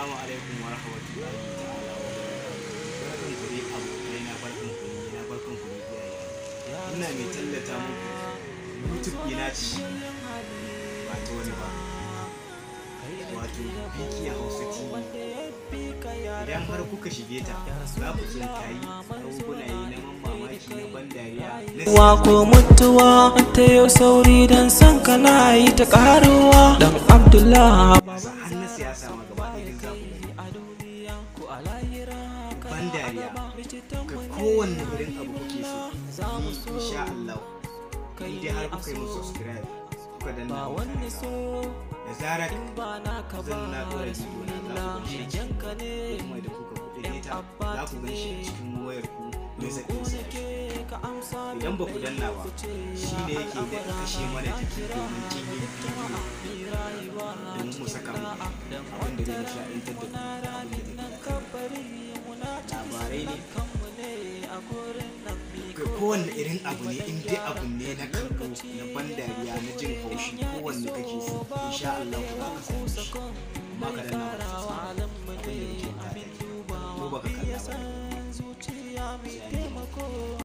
Assalamu alaikum wa rahmatullahi ta'ala wa barakatuh. ku dai na barkan ku na barkan ku dai iyaye. Ina mai tallata muku YouTube ina ci ba ta wani ba. Wato Hausa TV. Idan har kuka shige ta za ku jin kayi na na Wa ko mutuwa ta yau sauri dan san kana yi ta karuwa dan Abdullah. Ba siyasa kai ban dariya ga kowanne gurin abu kuke so insha Allah kai dai har kuka yi mu subscribe kuka danna ba wanne so da zarar zan na dora su na ka ne kuma da kuka kuɗe ta za ku gan shi cikin wayar ku mai zaƙin sa idan ba ku danna ba shi ne yake da kashe mana jiki domin kin yi abin da zai nishaɗantar da labarai ne ga irin abu ne in dai abu ne na kallo na ban dariya na jin haushi kowanne kake so insha Allah za ka same